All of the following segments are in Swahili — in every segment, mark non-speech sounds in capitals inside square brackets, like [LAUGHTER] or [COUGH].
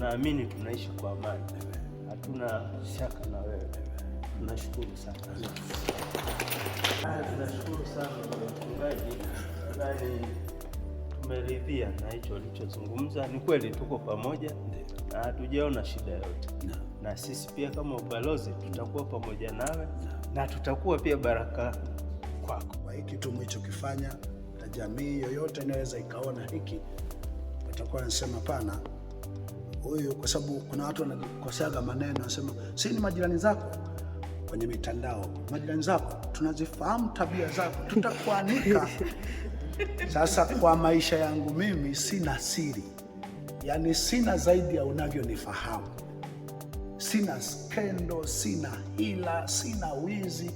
tunaamini tunaishi kwa amani, hatuna shaka na wewe. Tunashukuru sana, tunashukuru sana mchungaji. Nani, tumeridhia na hicho walichozungumza Ni kweli tuko pamoja na hatujaona shida yote, na sisi pia kama ubalozi tutakuwa pamoja nawe na tutakuwa pia baraka kwako kwa hiki tu mlichokifanya, na jamii yoyote inaweza ikaona hiki, watakuwa wanasema pana huyu, kwa sababu kuna watu wanakosaga maneno, wanasema si ni majirani zako kwenye mitandao, majirani zako tunazifahamu tabia zako, tutakuanika. [LAUGHS] Sasa kwa maisha yangu mimi sina siri, yaani sina zaidi ya unavyonifahamu. Sina skendo, sina hila, sina wizi.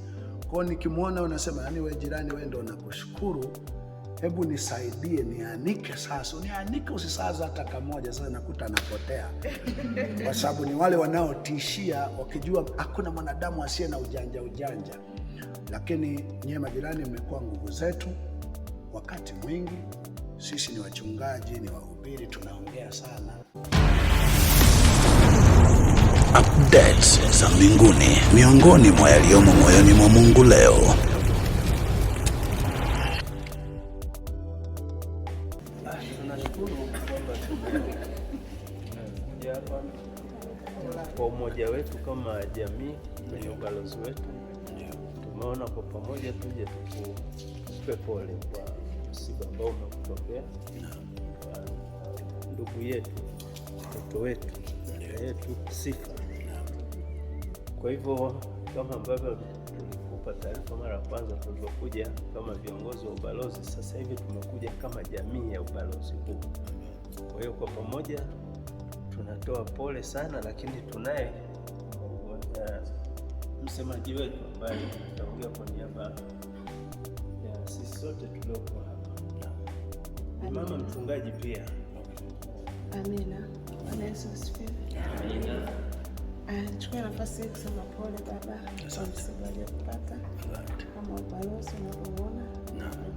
Kwao nikimwona unasema, yaani we jirani, we ndo nakushukuru hebu nisaidie nianike sasa, nianike usisaza hata kamoja. Sasa nakuta anapotea, kwa sababu ni wale wanaotishia wakijua hakuna mwanadamu asiye na ujanja ujanja. Lakini nyie majirani, mmekuwa nguvu zetu wakati mwingi. Sisi ni wachungaji, ni wahubiri, tunaongea sana. Updates za mbinguni, miongoni mwa yaliyomo moyoni mwa Mungu leo. jamii na ubalozi wetu, tumeona kwa pamoja tuje tukupe pole kwa msiba ambao umekutokea ndugu yetu, mtoto wetu, yetu Sifa. Kwa hivyo kama ambavyo tulikupa taarifa mara ya kwanza tulivyokuja kama viongozi wa ubalozi, sasa hivi tumekuja kama jamii ya ubalozi huu. Kwa hiyo kwa pamoja tunatoa pole sana, lakini tunaye msemaji wetu ambaye ataongea kwa niaba ya sisi sote tuliopo hapa, ni mama mchungaji pia. Amina. Bwana Yesu asifiwe. Amina. Chukua nafasi hii kusema pole baba kwa msiba aliyopata, kama ubalozi unavyoona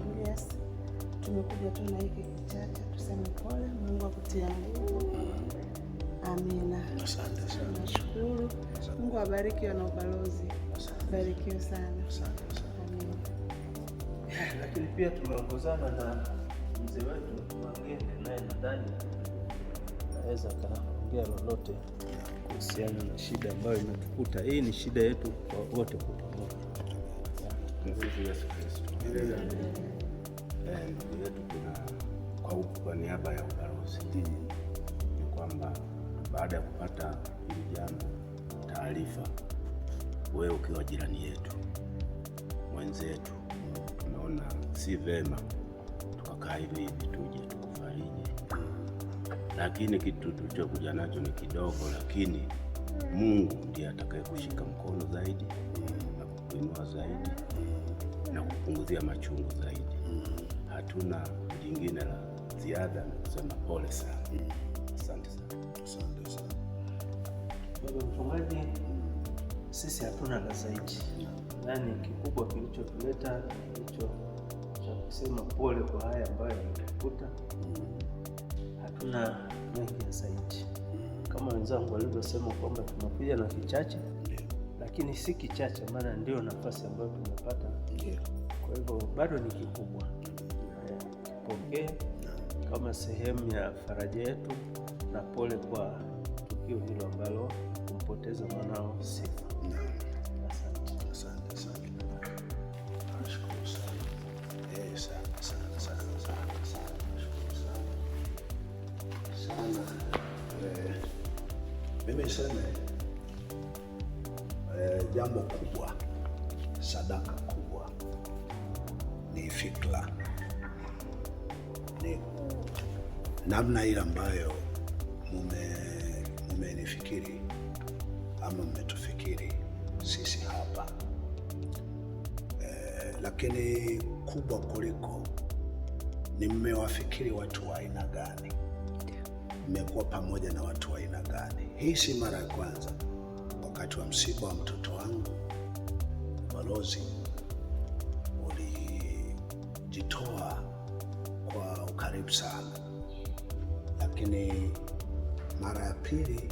Julius, tumekuja tu na hiki kichache tuseme pole. Mungu akutie nguvu Amina. Asante sana. Nashukuru. Mungu awabariki wana ubalozi. Barikiwe sana. [LAUGHS] Lakini pia tumeongozana na mzee wetu Mwangende, naye nadhani naweza kaongea lolote kuhusiana na shida ambayo inatukuta. Hii ni shida yetu kwa wote kwa pamoja. Yesu Kristo. Eh, ndugu yetu, kwa niaba ya ubalozi ni kwamba baada ya kupata hili jambo taarifa, wewe ukiwa jirani yetu mwenzetu, tumeona si vema tukakaa hivi hivi, tuje tukufariji. Lakini kitu tulichokuja nacho ni kidogo, lakini Mungu ndiye atakayekushika kushika mkono zaidi na kukuinua zaidi na kupunguzia machungu zaidi. Hatuna lingine la ziada na kusema pole sana. Asante sana. Ndugu mchungaji, sisi hatuna la zaidi, yaani kikubwa kilichotuleta ni cha kusema pole kwa haya ambayo yametukuta. Hatuna mengi ya zaidi, kama wenzangu walivyosema kwamba tunakuja na kichache, lakini si kichache, maana ndio nafasi ambayo tumepata. Kwa hivyo bado ni kikubwa, kipokee kama sehemu ya faraja yetu na pole kwa kumpoteza mwanao Sifa. mimi niseme eh, jambo kubwa, sadaka kubwa ni fikra, ni namna ile ambayo lakini kubwa kuliko ni mmewafikiri watu wa aina gani, mmekuwa pamoja na watu wa aina gani. Hii si mara ya kwanza. Wakati wa msiba wa mtoto wangu Balozi ulijitoa kwa ukaribu sana, lakini mara ya pili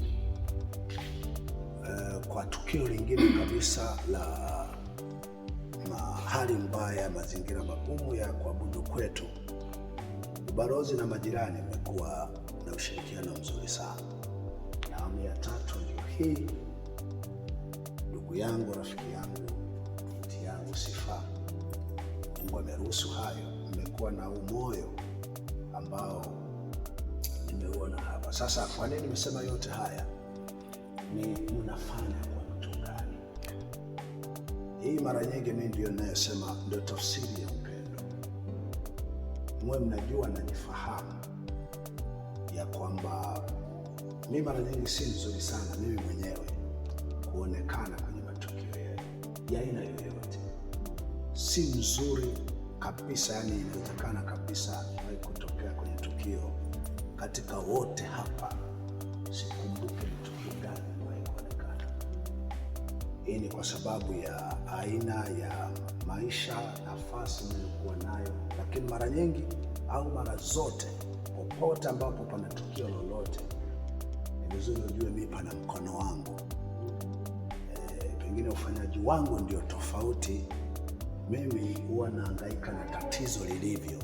uh, kwa tukio lingine kabisa la hali mbaya ya mazingira magumu ya kuabudu kwetu, ubalozi na majirani imekuwa na ushirikiano mzuri sana. Na awamu ya tatu ndio hii, ndugu yangu, rafiki yangu, binti yangu Sifa, Mungu ameruhusu hayo. Mmekuwa na umoyo ambao nimeuona hapa sasa. Kwa nini nimesema yote haya? Ni mnafanya hii mara nyingi mimi ndio ninayosema ndio tafsiri ya upendo. Mwe mnajua na nifahamu ya kwamba mimi mara nyingi si nzuri sana mimi mwenyewe kuonekana kwenye matukio ya aina yoyote, si mzuri kabisa. Yani inawezekana kabisa kutokea kwenye tukio katika wote hapa, sikumbuke Hii ni kwa sababu ya aina ya maisha, nafasi niliokuwa nayo, lakini mara nyingi au mara zote, popote ambapo pana tukio lolote, ni vizuri ujue mi pana mkono wangu. E, pengine ufanyaji wangu ndio tofauti. Mimi huwa naangaika na tatizo lilivyo,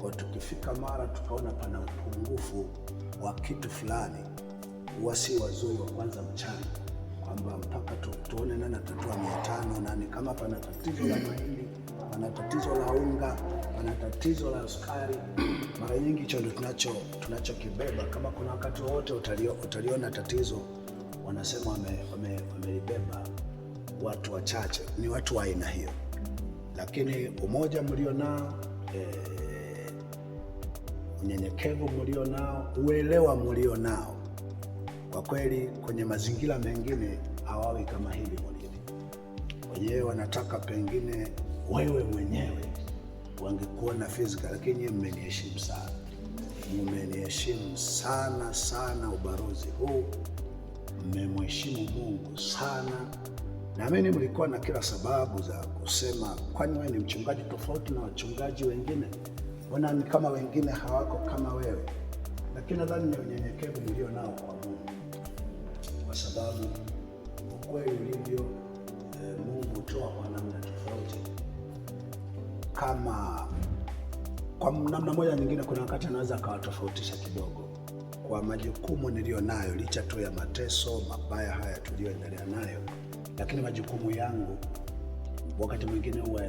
kwa tukifika mara tukaona pana upungufu wa kitu fulani, huwa si wazuri wa kwanza mchana kwamba mpaka tuone nani atatoa mia tano nani, kama pana tatizo la mahindi, pana tatizo la unga, pana tatizo la sukari. [CLEARS THROAT] Mara nyingi hicho ndio tunacho tunachokibeba. Kama kuna wakati wowote utaliona tatizo, wanasema wamelibeba wame, watu wachache, ni watu wa aina hiyo, lakini umoja mlio nao eh, unyenyekevu mlio nao, uelewa mlio nao kwa kweli kwenye mazingira mengine hawawi kama hivi ulivyo wenyewe, wanataka pengine wewe mwenyewe wangekuwa na fizika, lakini mmeniheshimu sana, mmeniheshimu sana sana. ubarozi huu mmemheshimu Mungu sana, naamini mlikuwa na kila sababu za kusema, kwani wewe ni mchungaji tofauti na wachungaji wengine? Mbona kama wengine hawako kama wewe? Lakini nadhani ni unyenyekevu mlio nao kwa Mungu, kwa sababu ukweli ulivyo, e, Mungu hutoa kwa namna tofauti. Kama kwa namna moja nyingine, kuna wakati anaweza akawatofautisha kidogo kwa majukumu niliyo nayo, licha tu ya mateso mabaya haya tuliyoendelea nayo, lakini majukumu yangu wakati mwingine huwa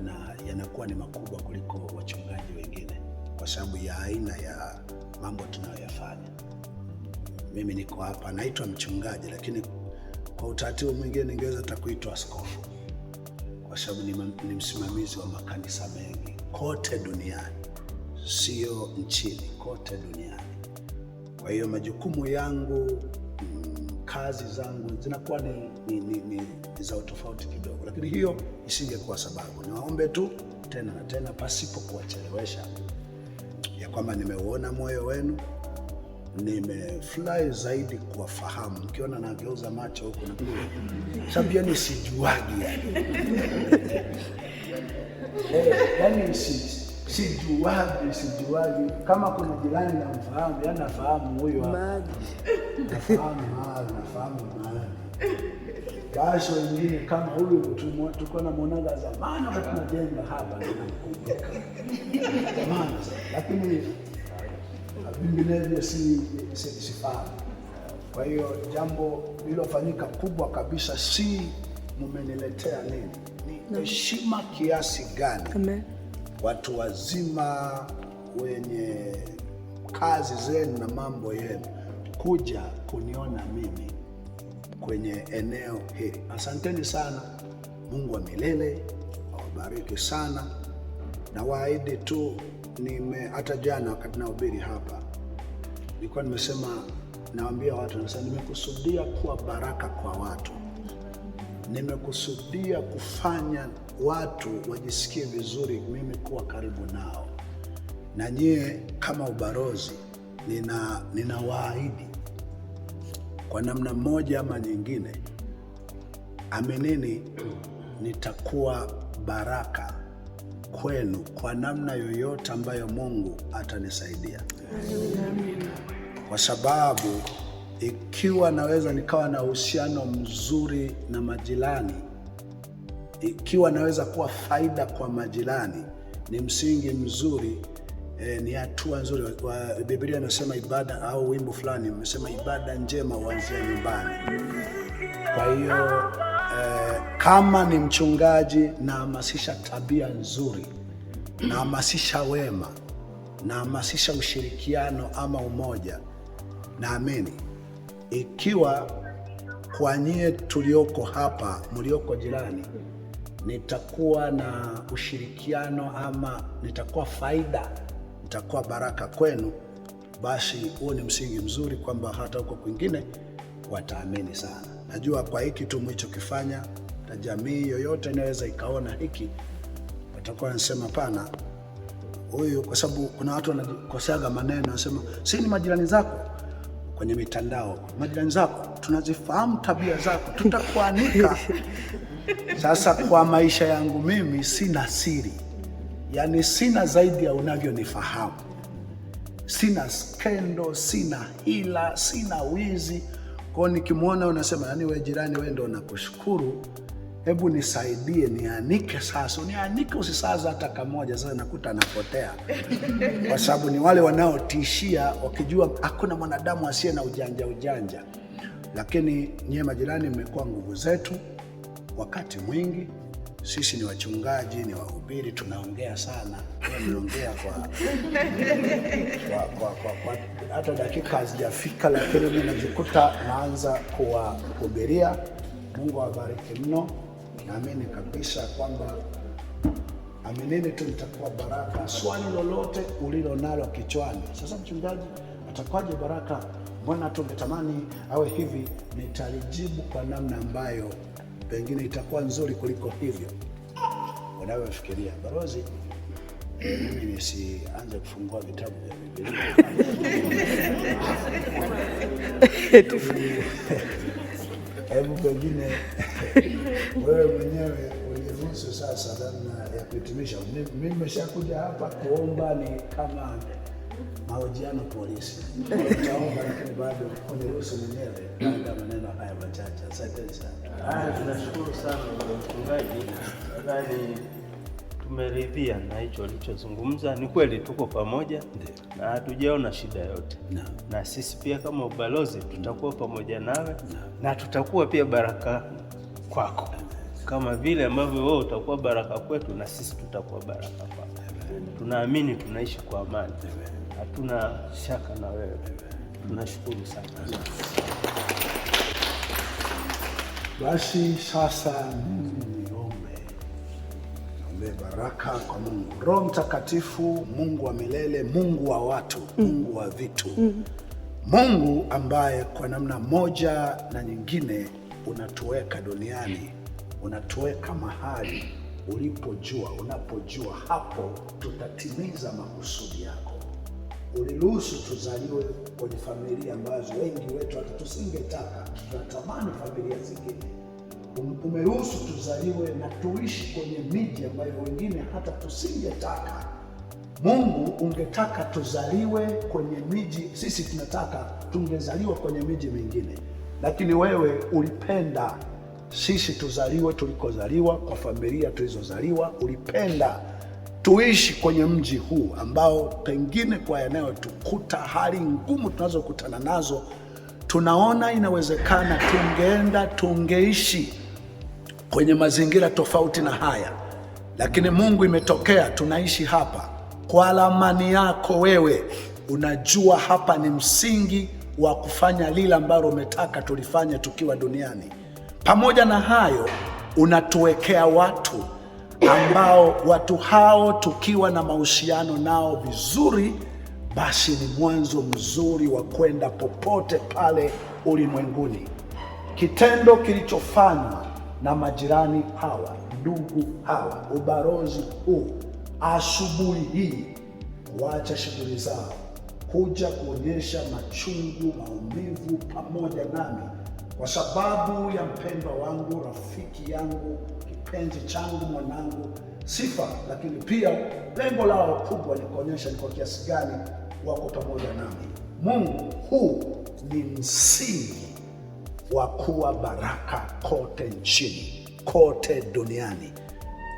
yanakuwa ni makubwa kuliko wachungaji wengine kwa sababu ya aina ya mambo tunayoyafanya. Mimi niko hapa naitwa mchungaji, lakini kwa utaratibu mwingine ningeweza hata kuitwa askofu, kwa sababu ni, ni msimamizi wa makanisa mengi kote duniani, sio nchini, kote duniani. Kwa hiyo majukumu yangu mm, kazi zangu zinakuwa ni, ni, ni, ni, ni za utofauti kidogo, lakini hiyo isingekuwa sababu. Niwaombe tu tena na tena pasipo kuwachelewesha kwamba nimeuona moyo wenu, nimefurahi zaidi kuwafahamu mkiona nageuza macho huku na kule, sababu pia sijuagi eh, yani sijuagi sijuagi, kama kuna jirani namfahamu, yani nafahamu huyo, nafahamu mahali, nafahamu mahali Kasho wengine kama huyu mtu tulikuwa namwonaga zamani wakati tunajenga hapa, zamani, lakini ah, vinginevyo si sifahamu. Kwa hiyo jambo lilofanyika kubwa kabisa si mmeniletea nini, ni heshima kiasi gani Amen. Watu wazima wenye kazi zenu na mambo yenu kuja kuniona mimi kwenye eneo hili. Asanteni sana. Mungu wa milele awabariki sana, na waahidi tu nime hata jana wakati nahubiri hapa nilikuwa nimesema, nawaambia watu, nasema nimekusudia kuwa baraka kwa watu, nimekusudia kufanya watu wajisikie vizuri mimi kuwa karibu nao, na nyie kama ubarozi nina ninawaahidi kwa namna moja ama nyingine, aminini, nitakuwa baraka kwenu kwa namna yoyote ambayo Mungu atanisaidia, kwa sababu ikiwa naweza nikawa na uhusiano mzuri na majirani, ikiwa naweza kuwa faida kwa majirani, ni msingi mzuri E, ni hatua nzuri. Biblia inasema ibada au wimbo fulani umesema ibada njema huanzia nyumbani. Kwa hiyo e, kama ni mchungaji, nahamasisha tabia nzuri, nahamasisha wema, nahamasisha ushirikiano ama umoja. Naamini ikiwa kwa nyie tulioko hapa, mlioko jirani, nitakuwa na ushirikiano ama nitakuwa faida itakuwa baraka kwenu, basi huo ni msingi mzuri kwamba hata huko kwingine wataamini sana. Najua kwa hiki tu mlichokifanya, na jamii yoyote inaweza ikaona hiki, watakuwa wanasema pana huyu, kwa sababu kuna watu wanakoseaga maneno, wanasema si ni majirani zako kwenye mitandao, majirani zako, tunazifahamu tabia zako, tutakuanika. [LAUGHS] Sasa kwa maisha yangu mimi sina siri yaani sina zaidi ya unavyonifahamu. Sina skendo, sina hila, sina wizi. Kwao nikimwona unasema, yaani we jirani, we ndo nakushukuru, hebu nisaidie nianike sasa, unianike usisaza hata kamoja. Sasa nakuta anapotea [LAUGHS] kwa sababu ni wale wanaotishia wakijua hakuna mwanadamu asiye na ujanja ujanja. Lakini nyie majirani, mmekuwa nguvu zetu wakati mwingi. Sisi ni wachungaji, ni wahubiri, tunaongea sana. Mliongea kwa hata kwa, kwa, kwa, dakika hazijafika, lakini mi najikuta naanza kuwahubiria. Mungu awabariki mno. Naamini kabisa kwamba aminini tu, mtakuwa baraka. Swali lolote ulilo nalo kichwani, sasa mchungaji atakwaje baraka, mbona tungetamani awe hivi, nitalijibu kwa namna ambayo pengine itakuwa nzuri kuliko hivyo unavyofikiria balozi. Mimi nisianze kufungua vitabu vya Biblia hebu pengine wewe mwenyewe uniruhusu sasa namna ya kuhitimisha. Mimi nimeshakuja hapa kuomba ni kama mahojiano polisi. Naomba bado uniruhusu mwenyewe baada maneno haya machache. Asante sana. Tunashukuru sana mchungaji, nadhani tumeridhia na hicho alichozungumza. Ni kweli tuko pamoja na hatujaona shida yote no. Na sisi pia kama ubalozi tutakuwa pamoja nawe no. Na tutakuwa pia baraka kwako kama vile ambavyo wewe utakuwa baraka kwetu na sisi tutakuwa baraka kwako. Tunaamini tunaishi kwa amani. Hatuna shaka na wewe. Tunashukuru sana. Basi sasa mimi niombe, niombe baraka kwa Mungu, Roho Mtakatifu, Mungu wa milele, Mungu wa watu, Mungu wa vitu, Mungu ambaye kwa namna moja na nyingine unatuweka duniani, unatuweka mahali ulipojua, unapojua hapo tutatimiza makusudi yako uliruhusu tuzaliwe kwenye familia ambazo wengi wetu hata tusingetaka, tunatamani familia zingine. Um, umeruhusu tuzaliwe na tuishi kwenye miji ambayo wengine hata tusingetaka. Mungu, ungetaka tuzaliwe kwenye miji, sisi tunataka tungezaliwa kwenye miji mingine, lakini wewe ulipenda sisi tuzaliwe tulikozaliwa, kwa familia tulizozaliwa, ulipenda tuishi kwenye mji huu ambao pengine kwa eneo tukuta hali ngumu tunazokutana nazo, tunaona inawezekana tungeenda tungeishi kwenye mazingira tofauti na haya, lakini Mungu imetokea tunaishi hapa kwa lamani yako. Wewe unajua hapa ni msingi wa kufanya lile ambalo umetaka tulifanya tukiwa duniani. Pamoja na hayo, unatuwekea watu ambao watu hao tukiwa na mahusiano nao vizuri, basi ni mwanzo mzuri wa kwenda popote pale ulimwenguni. Kitendo kilichofanywa na majirani hawa, ndugu hawa, ubalozi huu asubuhi hii, kuacha shughuli zao kuja kuonyesha machungu, maumivu pamoja nami kwa sababu ya mpendwa wangu, rafiki yangu, kipenzi changu, mwanangu Sifa, lakini pia lengo lao kubwa ni kuonyesha ni kwa kiasi gani wako pamoja nami. Mungu, huu ni msingi wa kuwa baraka kote nchini, kote duniani.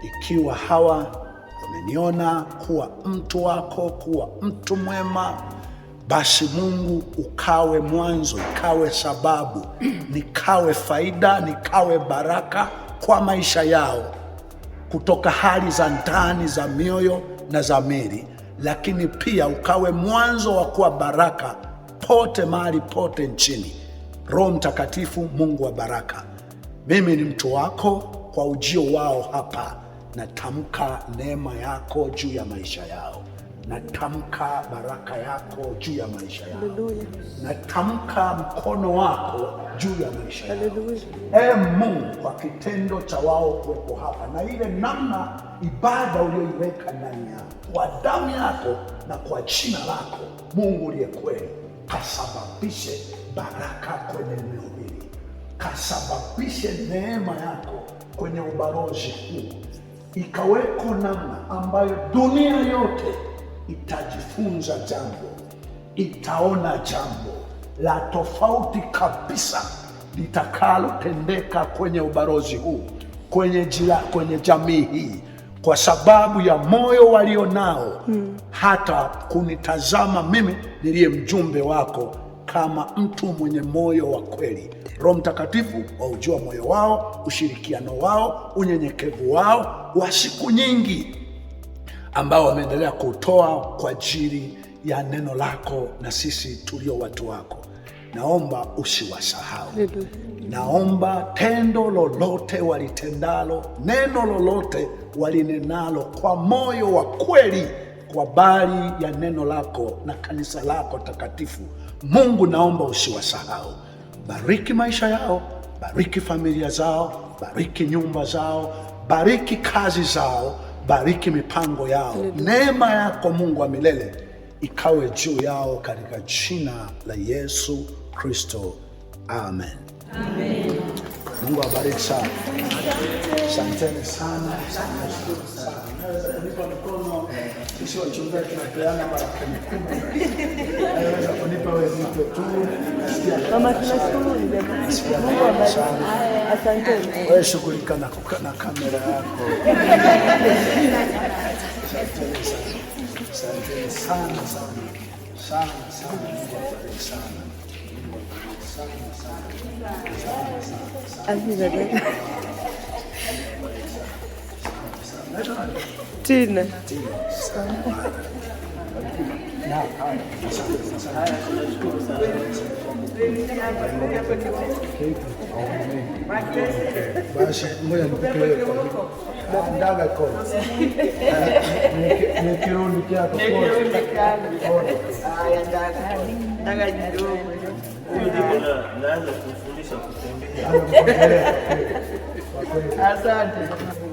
Ikiwa hawa wameniona kuwa mtu wako, kuwa mtu mwema basi Mungu ukawe mwanzo, ikawe sababu, nikawe faida, nikawe baraka kwa maisha yao, kutoka hali za ndani za mioyo na za mili, lakini pia ukawe mwanzo wa kuwa baraka pote mahali pote nchini. Roho Mtakatifu, Mungu wa baraka, mimi ni mtu wako. Kwa ujio wao hapa, natamka neema yako juu ya maisha yao. Natamka baraka yako juu ya maisha yao, Natamka mkono wako juu ya maisha yao, e ee Mungu, kwa kitendo cha wao kuwepo hapa na ile namna ibada uliyoiweka ndani yao, kwa damu yako na kwa jina lako, Mungu uliye kweli, kasababishe baraka kwenye eneo hili, kasababishe neema yako kwenye ubalozi huu, ikaweko namna ambayo dunia yote itajifunza jambo, itaona jambo la tofauti kabisa litakalotendeka kwenye ubarozi huu, kwenye, jila, kwenye jamii hii kwa sababu ya moyo walio nao hmm. Hata kunitazama mimi niliye mjumbe wako kama mtu mwenye moyo wa kweli. Roho Mtakatifu waujua moyo wao, ushirikiano wao, unyenyekevu wao wa siku nyingi ambao wameendelea kutoa kwa ajili ya neno lako na sisi tulio watu wako, naomba usiwasahau. Naomba tendo lolote walitendalo, neno lolote walinenalo kwa moyo wa kweli kwa bali ya neno lako na kanisa lako takatifu, Mungu naomba usiwasahau. Bariki maisha yao, bariki familia zao, bariki nyumba zao, bariki kazi zao bariki mipango yao. Neema yako Mungu wa milele ikawe juu yao katika jina la Yesu Kristo, amen, amen. Mungu awabariki sana, asanteni sana sisi wachungaji tunapeana mara kumi kumi, kunipa wezito tu. Mama, tunashukuru asanteni. Wewe shughulika na kamera yako. Asanteni sana sana sana sana sana sana Tina. Basi ngoja nikupe daga Asante.